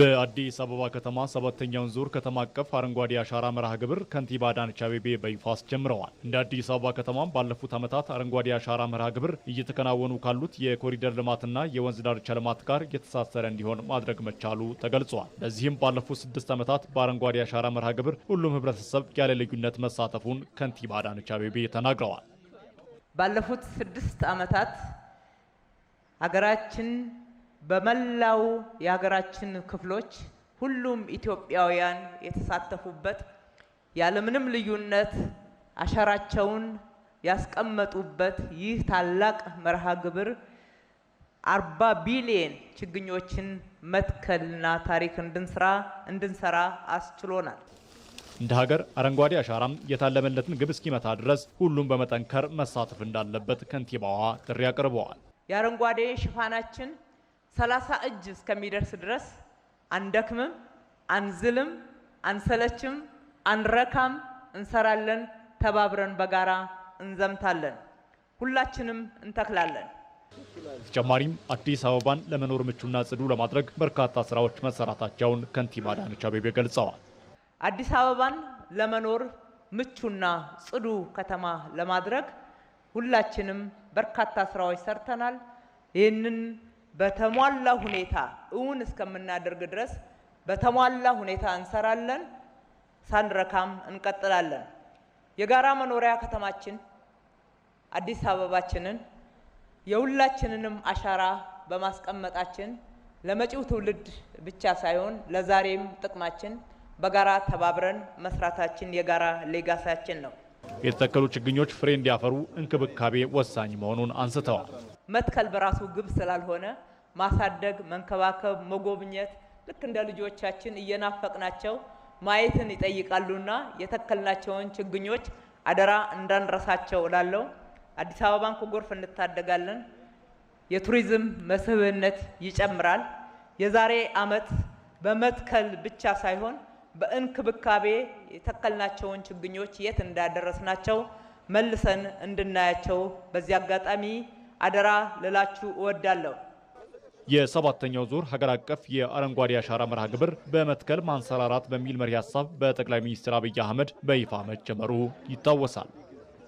በአዲስ አበባ ከተማ ሰባተኛውን ዙር ከተማ አቀፍ አረንጓዴ አሻራ መርሃ ግብር ከንቲባ አዳነች አቤቤ በይፋ አስጀምረዋል። እንደ አዲስ አበባ ከተማም ባለፉት ዓመታት አረንጓዴ አሻራ መርሃ ግብር እየተከናወኑ ካሉት የኮሪደር ልማትና የወንዝ ዳርቻ ልማት ጋር የተሳሰረ እንዲሆን ማድረግ መቻሉ ተገልጿል። በዚህም ባለፉት ስድስት ዓመታት በአረንጓዴ አሻራ መርሃ ግብር ሁሉም ህብረተሰብ ያለ ልዩነት መሳተፉን ከንቲባ አዳነች አቤቤ ተናግረዋል። ባለፉት ስድስት ዓመታት ሀገራችን በመላው የሀገራችን ክፍሎች ሁሉም ኢትዮጵያውያን የተሳተፉበት ያለምንም ልዩነት አሻራቸውን ያስቀመጡበት ይህ ታላቅ መርሃ ግብር አርባ ቢሊየን ችግኞችን መትከልና ታሪክ እንድንስራ እንድንሰራ አስችሎናል። እንደ ሀገር አረንጓዴ አሻራም የታለመለትን ግብ እስኪመታ ድረስ ሁሉም በመጠንከር መሳተፍ እንዳለበት ከንቲባዋ ጥሪ አቅርበዋል። የአረንጓዴ ሽፋናችን ሰላሳ እጅ እስከሚደርስ ድረስ አንደክምም፣ አንዝልም፣ አንሰለችም፣ አንረካም፣ እንሰራለን፣ ተባብረን በጋራ እንዘምታለን፣ ሁላችንም እንተክላለን። በተጨማሪም አዲስ አበባን ለመኖር ምቹና ጽዱ ለማድረግ በርካታ ስራዎች መሰራታቸውን ከንቲባ አዳነች አቤቤ ገልጸዋል። አዲስ አበባን ለመኖር ምቹና ጽዱ ከተማ ለማድረግ ሁላችንም በርካታ ስራዎች ሰርተናል። ይህንን በተሟላ ሁኔታ እውን እስከምናደርግ ድረስ በተሟላ ሁኔታ እንሰራለን፣ ሳንረካም እንቀጥላለን። የጋራ መኖሪያ ከተማችን አዲስ አበባችንን የሁላችንንም አሻራ በማስቀመጣችን ለመጪው ትውልድ ብቻ ሳይሆን ለዛሬም ጥቅማችን በጋራ ተባብረን መስራታችን የጋራ ሌጋሳችን ነው። የተተከሉ ችግኞች ፍሬ እንዲያፈሩ እንክብካቤ ወሳኝ መሆኑን አንስተዋል። መትከል በራሱ ግብ ስላልሆነ ማሳደግ፣ መንከባከብ፣ መጎብኘት ልክ እንደ ልጆቻችን እየናፈቅናቸው ማየትን ይጠይቃሉና የተከልናቸውን ችግኞች አደራ እንዳንረሳቸው እላለሁ። አዲስ አበባን ከጎርፍ እንታደጋለን። የቱሪዝም መስህብነት ይጨምራል። የዛሬ ዓመት በመትከል ብቻ ሳይሆን በእንክብካቤ የተከልናቸውን ችግኞች የት እንዳደረስናቸው መልሰን እንድናያቸው በዚህ አጋጣሚ አደራ ልላችሁ እወዳለሁ። የሰባተኛው ዙር ሀገር አቀፍ የአረንጓዴ አሻራ መርሃ ግብር በመትከል ማንሰራራት በሚል መሪ ሀሳብ በጠቅላይ ሚኒስትር አብይ አህመድ በይፋ መጀመሩ ይታወሳል።